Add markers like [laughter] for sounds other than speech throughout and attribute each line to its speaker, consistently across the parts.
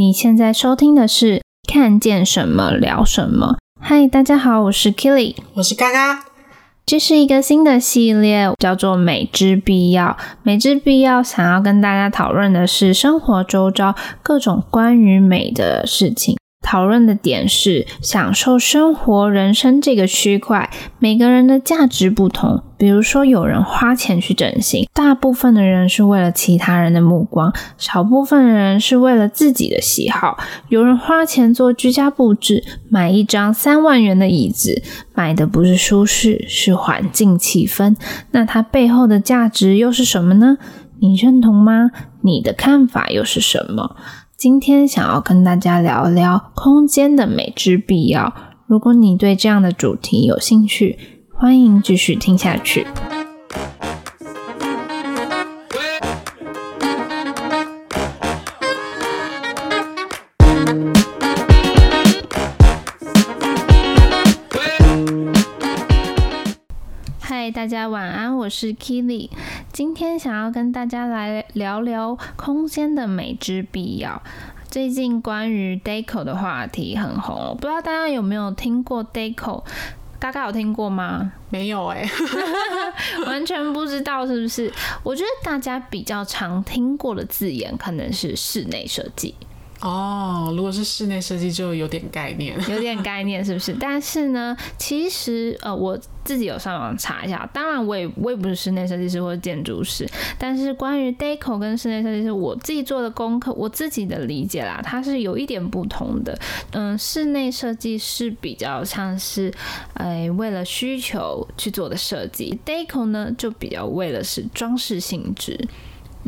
Speaker 1: 你現在收聽的是《看見什麼聊什麼》。嗨，大家好，我是 Keely，我是嘎嘎。這是一個新的系列，叫做《美之必要》。美之必要想要跟大家討論的是生活周遭各種關於美的事情。討論的點是享受生活、人生這個區塊，每個人的價值不同。比如說，有人花錢去整形，大部分的人是為了其他人的目光，少部分的人是為了自己的喜好。有人花錢做居家布置，買一張三萬元的椅子，買的不是舒適，是環境氣氛。那它背後的價值又是什麼呢？你認同嗎？你的看法又是什麼？今天想要跟大家聊聊空間的美之必要。如果你對這樣的主題有興趣，歡迎繼續聽下去。嗨，大家晚安。我是 Keely，今天想要跟大家來聊聊空間的美之必要。最近關於 Deco 的話題很紅，不知道大家有沒有聽過 Deco？嘎嘎，有聽過嗎？沒有誒、欸， [laughs] [laughs] 完全不知道是不是？我覺得大家比較常聽過的字眼可能是室內設計哦。Oh, 如果是室內設計，就有點概念， [laughs] 有點概念是不是？但是呢，其實呃我。自己有上網查一下，當然我也我也不是室內設計師或者建築師，但是關於 Deco 跟室內設計師，我自己做的功課，我自己的理解啦，它是有一點不同的。嗯，室內設計是比較像是，哎、呃，為了需求去做的設計，Deco 呢就比較為了是裝飾性質。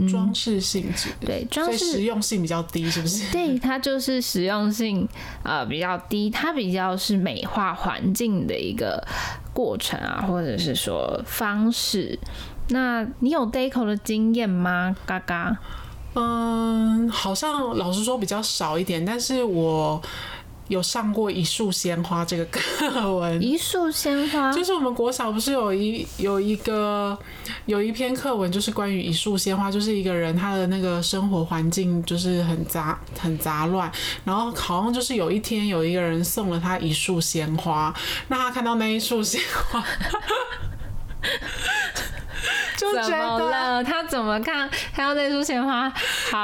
Speaker 1: 裝飾、嗯、性質，對，裝飾實用性比較低，是不是？對，它就是實用性啊、呃，比較低，它比較是美化環境的一個過程啊，或者是說方式。那你有 deco 的經驗嗎？嘎嘎，嗯，
Speaker 2: 好像老實說比較少一點，但是我。有上過《一束鮮花》這個課文，《一束鮮花》就是我們國小不是有一有一個有一篇課文，就是關於一束鮮花，就是一個人他的那個生活環境就是很雜很雜亂，然後好像就是有一天有一個人送了他一束鮮花，那他看到那一束鮮花。 [laughs] 就覺得他怎麼看？他要那束鮮花，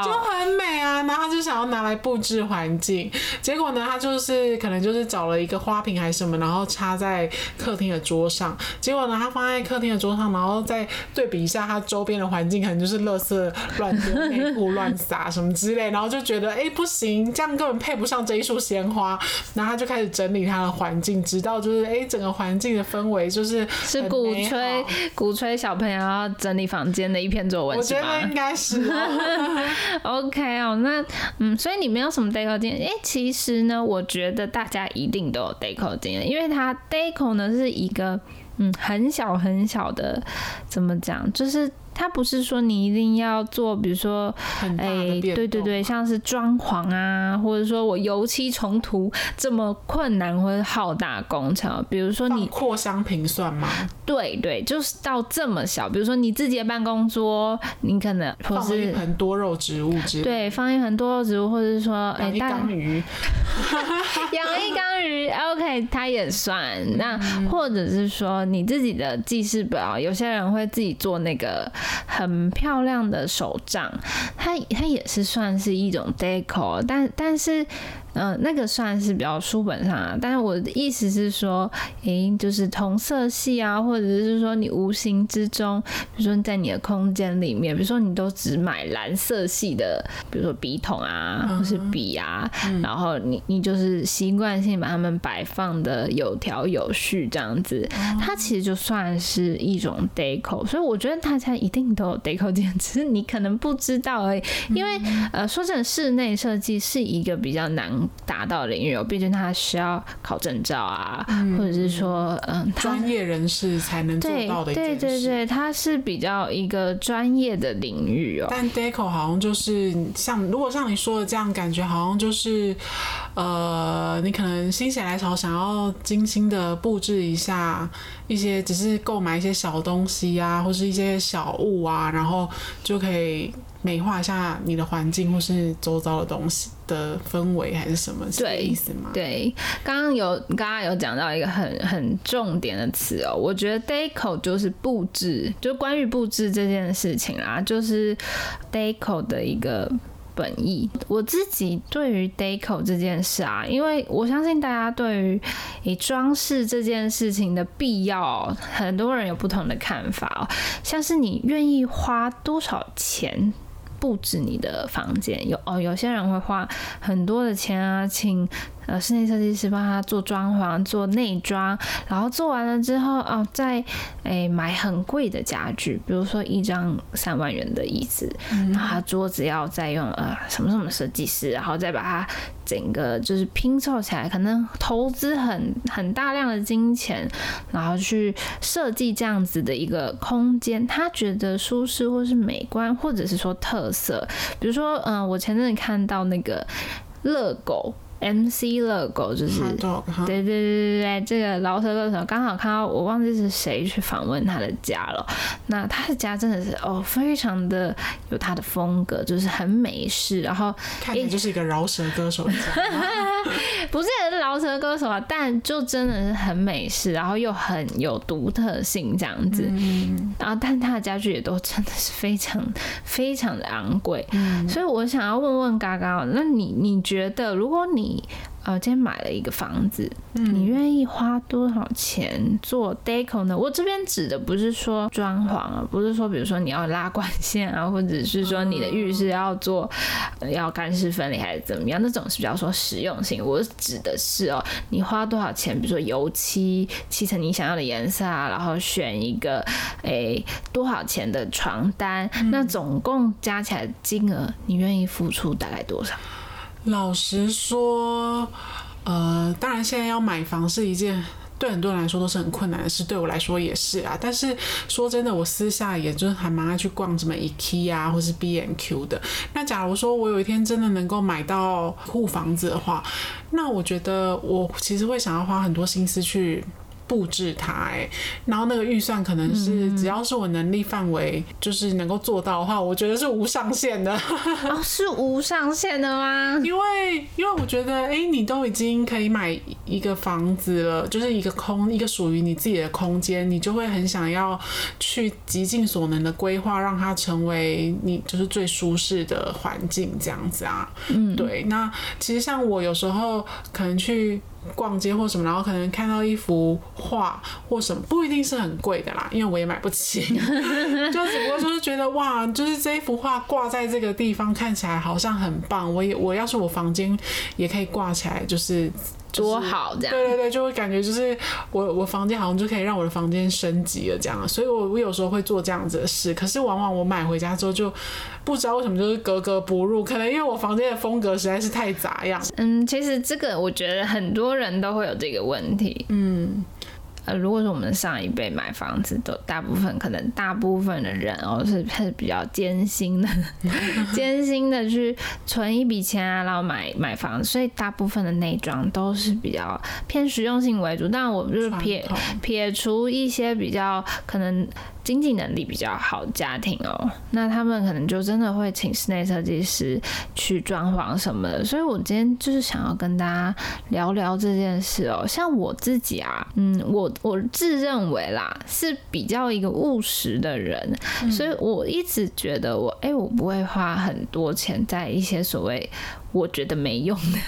Speaker 2: 就很美啊。然後他就想要拿來布置環境。結果呢，他就是可能就是找了一個花瓶還是什麼，然後插在客廳的桌上。結果呢，他放在客廳的桌上，然後再對比一下他周邊的環境，可能就是垃圾亂丟、內褲亂撒什麼之類。然後就覺得，哎、欸，不行，這樣根本配不上這一束鮮花。然後他就開始整理他的環境，直到就是，哎、欸，整個環境的氛圍就是是鼓吹、鼓吹小朋友整理房間的
Speaker 1: 一篇作文，我覺得應該是哦。 [laughs] [laughs] OK 哦，那嗯，所以你沒有什麼 deco 經驗？誒，欸，其實呢，我覺得大家一定都有 deco 經驗，因為它 deco 呢是一個嗯很小很小的，怎麼講，就是。它不是說你一定要做，比如說，哎、欸，很大的對對對，像是裝潢啊，或者說我油漆重塗這麼困難，或者浩大工程，比如說
Speaker 2: 你擴香瓶算嗎？
Speaker 1: 對，對對，就是到這麼小，比如說你自己的辦公桌，你可能是放一盆多
Speaker 2: 肉植物，對，
Speaker 1: 放一盆多肉植物，或者說養、欸、一缸魚，養但 [laughs] [laughs] 一缸魚，OK，它也算。那、嗯、或者是說你自己的記事本，有些人會自己做那個。很漂亮的手帳，它它也是算是一種 deco，但但是。嗯、呃，那個算是比較書本上啊，但是我的意思是說，哎、欸，就是同色系啊，或者是說你無形之中，比如說你在你的空間裡面，比如說你都只買藍色系的，比如說筆筒啊，或是筆啊，嗯嗯嗯嗯，然後你你就是習慣性把它們擺放的有條有序這樣子，它其實就算是一種 deco，所以我覺得大家一定都有 deco，只是你可能不知道而已，因為呃，說真的，室內設計是一個比較難。達到的領域哦，畢竟他需要考證照啊，嗯，或者是說，嗯，專業人士才能做到的一件事。對對對對，它
Speaker 2: 是比較一個專業的領域哦。但 Deco 好像就是像，如果像你說的這樣，感覺好像就是，呃，你可能心血來潮想要精心的布置一下。一些只是購買一些小東西啊，或是一些小物啊，然後就可以美化一下你的環境，或是周遭的東西的氛圍，還是什麼？對，是個意思嗎？對，剛
Speaker 1: 剛有剛剛有講到一個很很重點的詞哦，我覺得 deco 就是布置，就關於布置這件事情啦、啊，就是 deco 的一個。本意，我自己對於 deco 這件事啊，因為我相信大家對於以裝飾這件事情的必要，很多人有不同的看法。像是你願意花多少錢布置你的房間，有哦，有些人會花很多的錢啊，請。呃，室內設計師幫他做裝潢，做內裝，然後做完了之後，哦、呃，再誒、欸、買很貴的家具，比如說一張三萬元的椅子，嗯嗯，然後他桌子要再用呃什麼什麼設計師，然後再把它整個就是拼湊起來，可能投資很很大量的金錢，然後去設計這樣子的一個空間，他覺得舒適或是美觀，或者是說特色，比如說嗯、呃，我前陣子看到那個樂狗。M C 樂狗就是對、嗯、對對對對，嗯、這個饒舌歌手，剛好看到，我忘記是誰去訪問他的家了。那他的家真的是哦，非常的有他的風格，就是很美式，然後看起來就是一個饒舌歌手。欸、 [laughs] 不是也是饒舌歌手啊，但就真的是很美式，然後又很有獨特性這樣子。嗯、然後但他的家具也都真的是非常非常的昂貴。嗯、所以我想要問問嘎嘎，那你你覺得如果你你呃，今天買了一個房子，嗯、你願意花多少錢做 deco 呢？我這邊指的不是說裝潢，啊，不是說比如說你要拉管線啊，或者是說你的浴室要做、呃、要乾濕分離還是怎麼樣，那種是比較說實用性。我指的是哦、喔，你花多少錢，比如說油漆漆成你想要的顏色啊，然後選一個誒、欸、多少錢的床單，
Speaker 2: 嗯、那總共加起來的金額，你願意付出大概多少？老實說，呃，當然，現在要買房是一件對很多人來說都是很困難的事，對我來說也是啊。但是說真的，我私下也就是還蠻愛去逛什麼 IKEA 或是 B&Q 的。那假如說我有一天真的能夠買到戶房子的話，那我覺得我其實會想要花很多心思去。佈置它、欸，然後那個預算可能是只要是我能力範圍，就是能夠做到的話，嗯、我覺得是無上限的。 [laughs] 哦、是無上限的嗎？因為因為我覺得，哎、欸，你都已經可以買一個房子了，就是一個空一個屬於你自己的空間，你就會很想要去極盡所能的規劃，讓它成為你就是最舒適的環境這樣子啊。嗯，對。那其實像我有時候可能去。逛街或什麼，然後可能看到一幅畫或什麼，不一定是很貴的啦，因為我也買不起， [laughs] 就只不過說。哇，就是這一幅畫掛在這個地方，看起來好像很棒。我也我要是我房間也可以掛起來，就是，就是多好這樣。對對對，就會感覺就是我我房間好像就可以讓我的房間升級了這樣。所以我我有時候會做這樣子的事，可是往往我買回家之後就不知道為什麼就是格格不入，可能因為我房間的風格實在是太雜
Speaker 1: 樣。嗯，其實這個我覺得很多人都會有這個問題。嗯。呃，如果是我們上一輩買房子，都大部分可能大部分的人喔，是是比較艱辛的，艱 [laughs] 辛的去存一筆錢啊，然後買買房子，所以大部分的內裝都是比較偏實用性為主。但我就是撇統撇除一些比較可能經濟能力比較好的家庭喔，那他們可能就真的會請室內設計師去裝潢什麼的。所以我今天就是想要跟大家聊聊這件事喔。像我自己啊，嗯，我。我自認為啦，是比較一個務實的人，嗯，所以我一直覺得我，哎、欸，我不會花很多錢在一些所謂。我覺得沒用的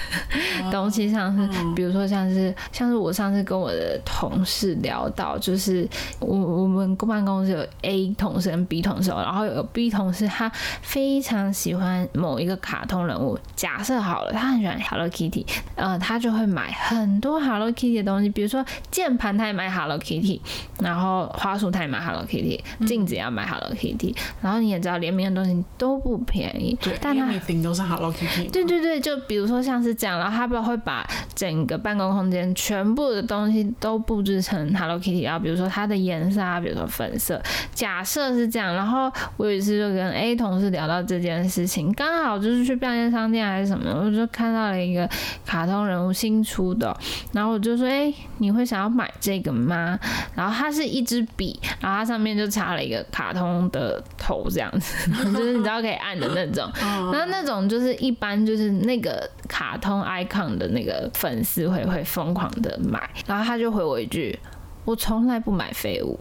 Speaker 1: 東西，像是比如說像是像是我上次跟我的同事聊到，就是我我們辦公室有 A 同事跟 B 同事，然後有 B 同事他非常喜歡某一個卡通人物，假設好了，他很喜歡 Hello Kitty，呃，他就會買很多 Hello Kitty 的東西，比如說鍵盤他也買 Hello Kitty，然後花束他也買 Hello Kitty，鏡子也要買 Hello Kitty，然後你也知道聯名的東西都不便宜，但他
Speaker 2: 頂多是 Hello Kitty。
Speaker 1: 對對，就比如說像是這樣，然後他不會把整個辦公空間全部的東西都布置成 Hello Kitty，然後比如說它的顏色啊，比如說粉色。假設是這樣，然後我有一次就跟 A 同事聊到這件事情，剛好就是去便利商店還是什麼，我就看到了一個卡通人物新出的，然後我就說，哎，你會想要買這個嗎？然後它是一支筆，然後它上面就插了一個卡通的頭這樣子，就是你知道可以按的那種，然後那種就是一般就是。是那個卡通 icon 的那個粉絲會會瘋狂的買，然後他就回我一句：“我從來不買廢物。”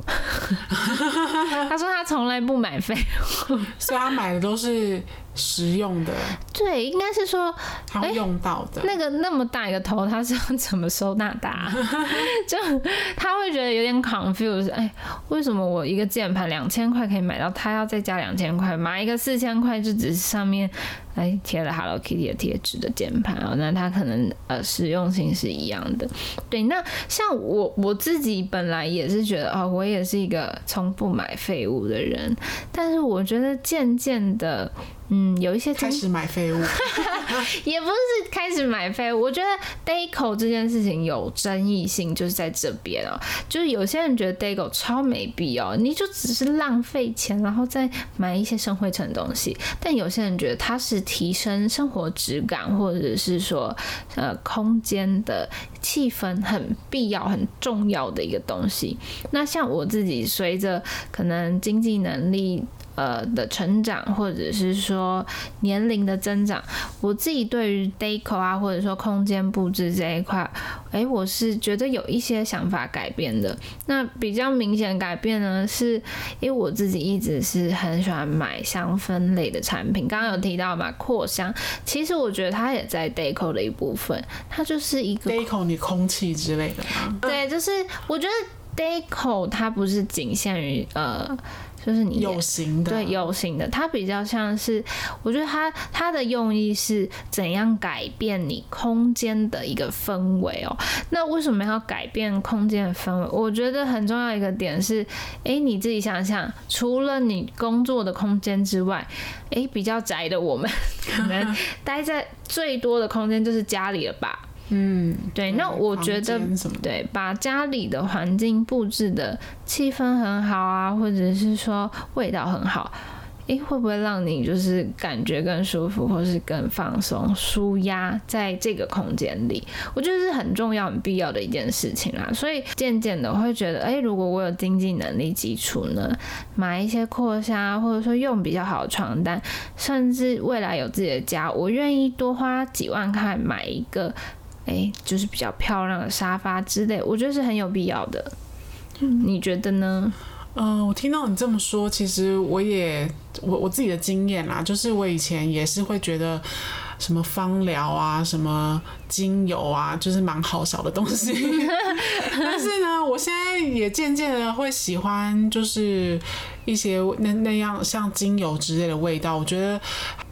Speaker 1: [laughs] [laughs] 他說他從來不買廢物， [laughs] 所以他買的都是。實用的，對，應該是說他用到的、欸。那個那麼大一個頭，他是要怎麼收納的、啊？ [laughs] 就他會覺得有點 confuse、欸、哎，為什麼我一個鍵盤兩千塊可以買到，他要再加兩千塊買一個四千塊就只是上面哎貼了 Hello Kitty 的貼紙的鍵盤哦？那他可能呃實用性是一樣的。對，那像我我自己本來也是覺得啊、哦，我也是一個從不買廢物的人，但是我覺得漸漸的。嗯，有一些開始買廢物，也不是開始買廢物。我覺得 DECO 這件事情有爭議性，就是在這邊哦、喔。就是有些人覺得 DECO 超沒必要，你就只是浪費錢，然後再買一些生灰塵的東西。但有些人覺得它是提升生活質感，或者是說呃空間的氣氛，很必要、很重要的一個東西。那像我自己，隨着可能經濟能力。呃的成長，或者是說年齡的增長，我自己對於 deco 啊，或者說空間佈置這一塊，哎、欸，我是覺得有一些想法改變的。那比較明顯改變呢，是因為我自己一直是很喜歡買香氛類的產品。剛剛有提到嘛，擴香，其實我覺得它也在 deco 的一部分，它就是一個 deco 你空氣之類的嗎？對，就是我覺得。Deco 它不是僅限於呃，就是你有形的、啊對，對有形的，它比較像是，我覺得它它的用意是怎樣改變你空間的一個氛圍哦。那為什麼要改變空間的氛圍？我覺得很重要一個點是，哎，你自己想想，除了你工作的空間之外，哎，比較宅的我們可能待在最多的空間就是家裡了吧。 [laughs] 嗯，對，對對，那我覺得對，把家裡的環境佈置的氣氛很好啊，或者是說味道很好，誒，會不會讓你就是感覺更舒服，或是更放鬆、舒壓，在這個空間裡？我覺得是很重要、很必要的一件事情啦。所以漸漸的會覺得，誒，如果我有經濟能力基礎呢，買一些擴香，或者說用比較好的床單，甚至未來有自己的家，我願意多花幾萬塊買一個。就是比較漂亮的沙發之類，我覺得是很有必要的。嗯、
Speaker 2: 你覺得呢？嗯、呃，我聽到你這麼說，其實我也我我自己的經驗啦、啊，就是我以前也是會覺得什麼芳療啊、什麼精油啊，就是蠻好少的東西。 [laughs] 但是呢，我現在也漸漸的會喜歡，就是一些那那樣像精油之類的味道，我覺得。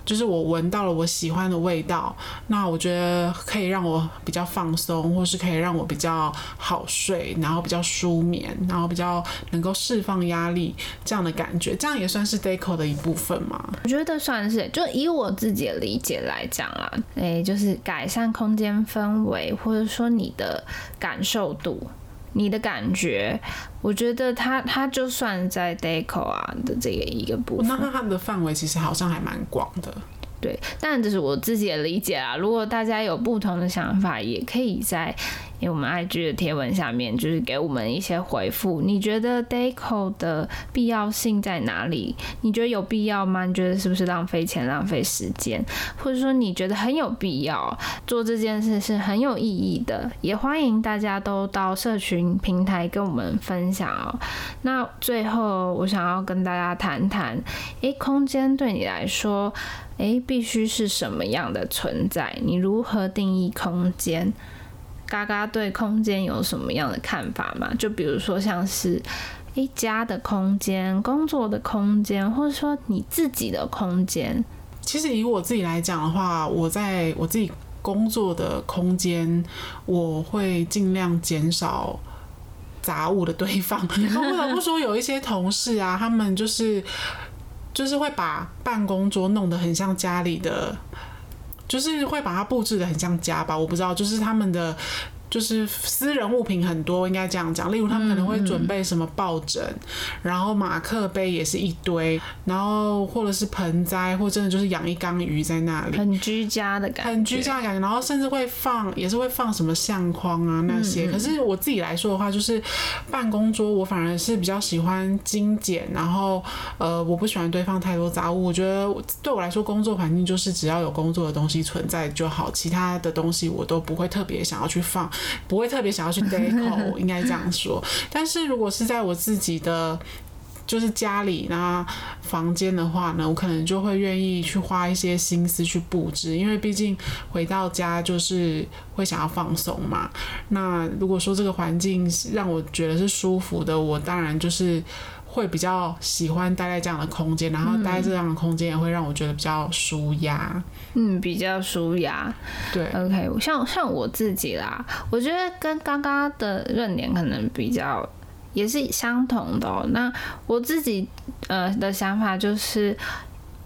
Speaker 2: 就是我聞到了我喜歡的味道，那我覺得可以讓我比較放鬆，或是可以讓我比較好睡，然後比較舒眠，然後比較能夠釋放壓力這樣的感覺，這樣也算是 deco 的一部分嗎？
Speaker 1: 我覺得算是，就以我自己的理解來講啊，誒、欸，就是改善空間氛圍，或者說你的感受度。你的感覺，我覺得他他就算在 Deco 啊的這個一個部分，那、哦、他的
Speaker 2: 範圍其實好像還蠻廣的。
Speaker 1: 對，但這是我自己的理解啦、啊。如果大家有不同的想法，也可以在。因為、欸、我們 IG 的貼文下面就是給我們一些回復。你覺得 DECO 的必要性在哪裡？你覺得有必要嗎？你覺得是不是浪費錢、浪費時間，或者說你覺得很有必要做這件事是很有意義的？也歡迎大家都到社群平台跟我們分享哦、喔。那最後，我想要跟大家談談：誒、欸，空間對你來說，誒、欸，必須是什麼樣的存在？你如何定義空間？嘎嘎對空間有什麼樣的看法嗎？就比如說像是一家的空間、工作的空間，或者說你自
Speaker 2: 己的空間。其實以我自己來講的話，我在我自己工作的空間，我會盡量減少雜物的堆放。不得不說，有一些同事啊， [laughs] 他們就是就是會把辦公桌弄得很像家裡的。就是會把它布置得很像家吧，我不知道，就是他們的。就是私人物品很多，我應該這樣講。例如，他們可能會準備什麼抱枕，嗯、然後馬克杯也是一堆，然後或者是盆栽，或者真的就是養一缸魚在那裡，很居家的感覺，很居家的感覺。然後甚至會放，也是會放什麼相框啊那些。嗯、可是我自己來說的話，就是辦公桌我反而是比較喜歡精簡，然後呃，我不喜歡堆放太多雜物。我覺得對我來說，工作環境就是只要有工作的東西存在就好，其他的東西我都不會特別想要去放。不會特別想要去 deco，應該這樣說。但是如果是在我自己的就是家裡呢，房間的話呢，我可能就會願意去花一些心思去布置，因為畢竟回到家就是會想要放鬆嘛。那如果說這個環境讓我覺得是舒服的，我當然就是。會比較喜歡待在這樣的空間，然後待在這樣的空間也會讓我覺得比較舒壓，
Speaker 1: 嗯。嗯，比較舒壓，
Speaker 2: 對。OK，
Speaker 1: 像像我自己啦，我覺得跟剛剛的論點可能比較也是相同的，喔。那我自己呃的想法就是。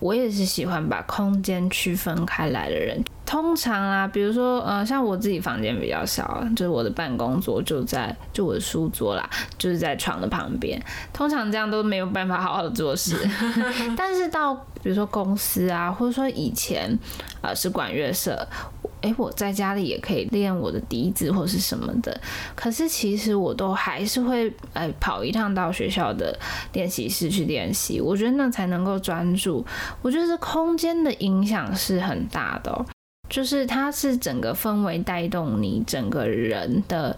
Speaker 1: 我也是喜歡把空間區分開來的人。通常啊，比如說呃，像我自己房間比較小，就是我的辦公桌就在，就我的書桌啦，就是在床的旁邊。通常這樣都沒有辦法好好的做事。 [laughs] 但是到比如說公司啊，或者說以前啊，呃，是管樂社。哎，我在家裡也可以練我的笛子或是什麼的，可是其實我都還是會誒跑一趟到學校的練習室去練習。我覺得那才能夠專注。我覺得空間的影響是很大的哦，就是它是整個氛圍帶動你整個人的。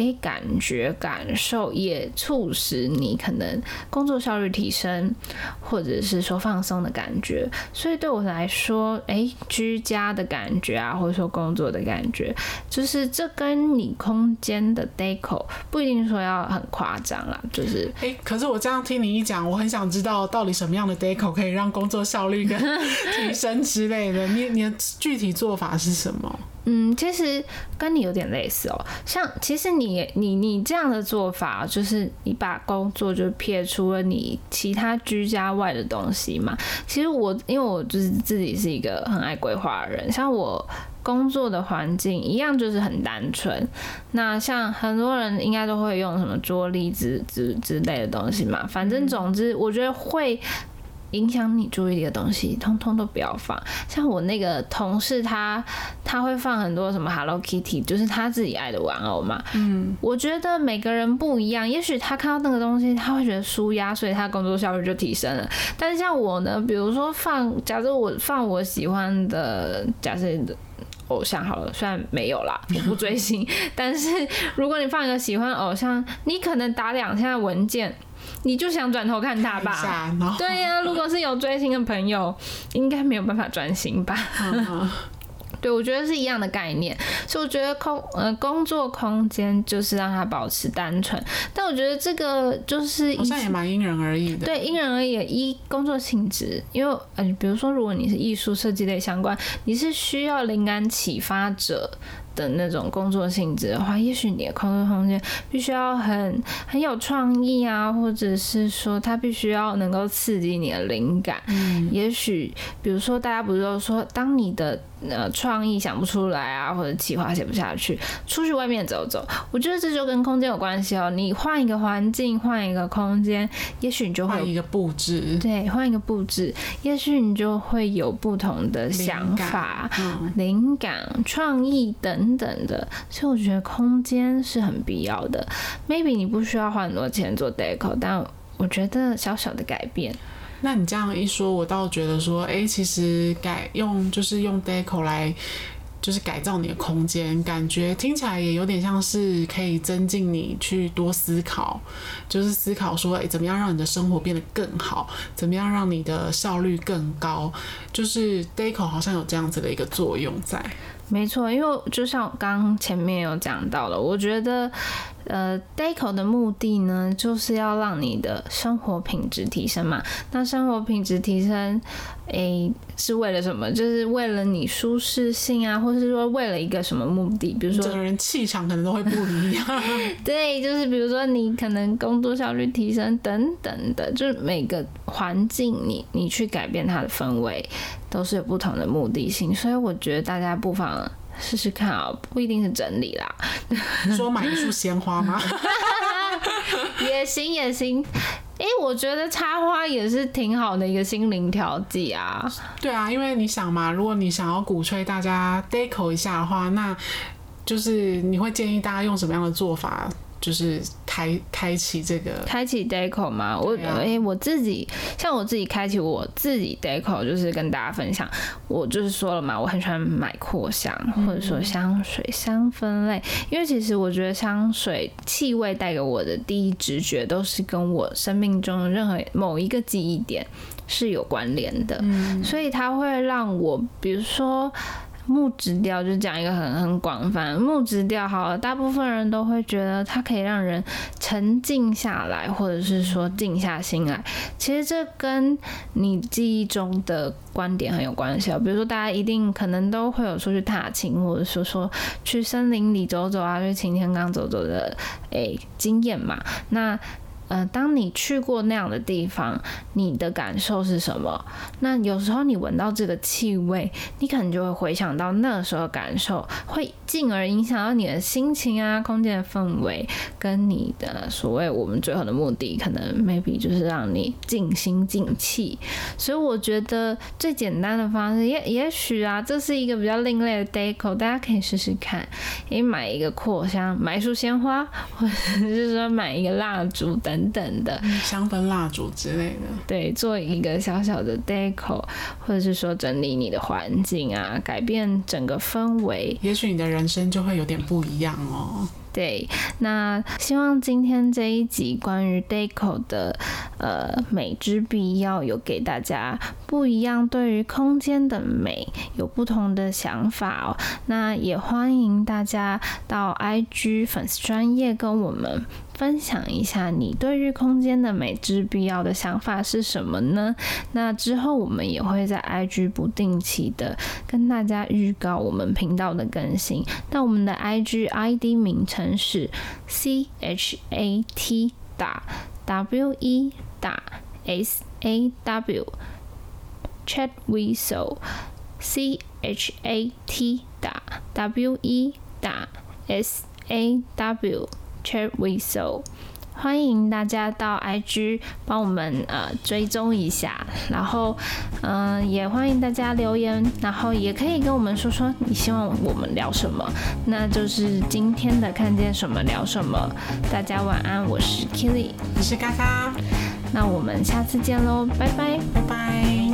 Speaker 1: 誒，感覺、感受也促使你可能工作效率提升，或者是說放鬆的感覺。所以對我來說，誒，居家的感覺啊，或者說工作的感覺，就是這跟你空間的 deco 不一定說要很誇張啦。就是誒，
Speaker 2: 可是我這樣聽你一講，我很想知道到底什麼樣的 deco 可以讓工作效率跟提升之類的。 [laughs] 你你的具體做法是什麼？
Speaker 1: 嗯，其實跟你有點類似哦。像其實你你你這樣的做法，就是你把工作就撇除了你其他居家外的東西嘛。其實我因為我就是自己是一個很愛規劃的人，像我工作的環境一樣，就是很單純。那像很多人應該都會用什麼桌立之之之類的東西嘛。嗯、反正總之，我覺得會。影響你注意力的東西，通通都不要放。像我那個同事他，他他會放很多什麼 Hello Kitty，就是他自己愛的玩偶嘛。嗯，我覺得每個人不一樣，也許他看到那個東西，他會覺得舒壓，所以他工作效率就提升了。但是像我呢，比如說放，假如我放我喜歡的，假設偶像好了，雖然沒有啦，我不追星。 [laughs] 但是如果你放一個喜歡的偶像，你可能打兩天的文件。你就想轉頭看他吧，對呀、啊。No. 如果是有追星的朋友，應該沒有辦法專心吧？Uh huh. [laughs] 對，我覺得是一樣的概念，所以我覺得空呃工作空間就是讓他保持單純。但我覺得這個就是應該、哦、也蠻因
Speaker 2: 人而異的，對，
Speaker 1: 因人而異，依工作性質。因為呃，比如說如果你是藝術設計類相關，你是需要靈感啟發者的那種工作性質的話，也許你的工作空間必須要很很有創意啊，或者是說它必須要能夠刺激你的靈感。嗯，也許比如說大家不是都說，當你的呃創意想不出來啊，或者企劃寫不下去，出去外面走走，我覺得這就跟空間有關係哦、喔。你換一個環境，換一個空間，也許你就會換一個佈置，對，換一個佈置，也許你就會有不同的想法、靈感、創、嗯、意等。等等的，所以我覺得空間是很必要的。Maybe 你不需要花
Speaker 2: 很多錢做 deco，但我覺得小小的改變。那你這樣一說，我倒覺得說，欸，其實改用就是用 deco 來，就是改造你的空間，感覺聽起來也有點像是可以增進你去多思考，就是思考說，欸，怎麼樣讓你的生活變得更好？怎麼樣讓你的效率更高？就是 deco 好像有這樣子的一個作用在。沒錯，因為
Speaker 1: 就像剛前面有講到的，我覺得。呃、uh，Deco 的目的呢，就是要讓你的生活品質提升嘛。那生活品質提升，哎、欸，是為了什麼？就是為了你舒適性啊，或是說為了一個什麼目的？比如說，整個人氣場可能都會不一樣。 [laughs] 對，就是比如說你可能工作效率提升等等的，就是每個環境你你去改變它的氛圍，都是有不同的目的性。所以我覺得大家不妨。試試看啊，不一定是整理啦。你
Speaker 2: 說買一束鮮花嗎？
Speaker 1: [laughs] 也行也行。哎、欸，我覺得插花也是挺好的一個心靈調
Speaker 2: 劑啊。對啊，因為你想嘛，如果你想要鼓吹大家 deco 一下的話，那就是你會建議大家用什麼樣的做法？就是開開
Speaker 1: 啟這個開啟 deco 嘛，我誒、啊、我自己像我自己開啟我自己 deco，就是跟大家分享，我就是說了嘛，我很喜歡買擴香或者說香水香氛類，嗯、因為其實我覺得香水氣味帶給我的第一直覺都是跟我生命中的任何某一個記憶點是有關聯的，嗯、所以它會讓我比如說。木質調就講一個很很廣泛，木質調好了，大部分人都會覺得它可以讓人沉靜下來，或者是說靜下心來。其實這跟你記憶中的觀點很有關係哦，比如說，大家一定可能都會有出去踏青，或者說說去森林裡走走啊，去晴天剛走走的誒、欸，經驗嘛。那呃，當你去過那樣的地方，你的感受是什麼？那有時候你聞到這個氣味，你可能就會回想到那個時候的感受，會進而影響到你的心情啊，空間的氛圍，跟你的所謂我們最後的目的，可能 maybe 就是讓你靜心靜氣。所以我覺得最簡單的方式也，也也許啊，這是一個比較另類的 deco，大家可以試試看，你、欸、買一個擴香，買一束鮮花，或者是說買一個蠟燭等。等等的香氛蠟燭之類的，對，做一個小小的 deco，或者是說整理你的環境啊，改變整個氛圍，也許你
Speaker 2: 的人生就會有點不一樣哦。
Speaker 1: 對，那希望今天這一集關於 deco 的呃美之必要，有給大家不一樣對於空間的美有不同的想法哦。那也歡迎大家到 IG 粉絲專頁跟我們。分享一下你對於空間的美之必要的想法是什麼呢？那之後，我們也會在 IG 不定期的跟大家預告我們頻道的更新。那我們的 IG ID 名稱是 CHATWE.SAWCHATWE.SAWCHATWE.SAW s h a w e s o 歡迎大家到 IG 幫我們呃追蹤一下，然後嗯、呃、也歡迎大家留言，然後也可以跟我們說說你希望我們聊什麼，那就是今天的看見什麼聊什麼。大家晚安，我是 Keely，你是嘎嘎。那我們下次見嘍，拜拜，拜拜。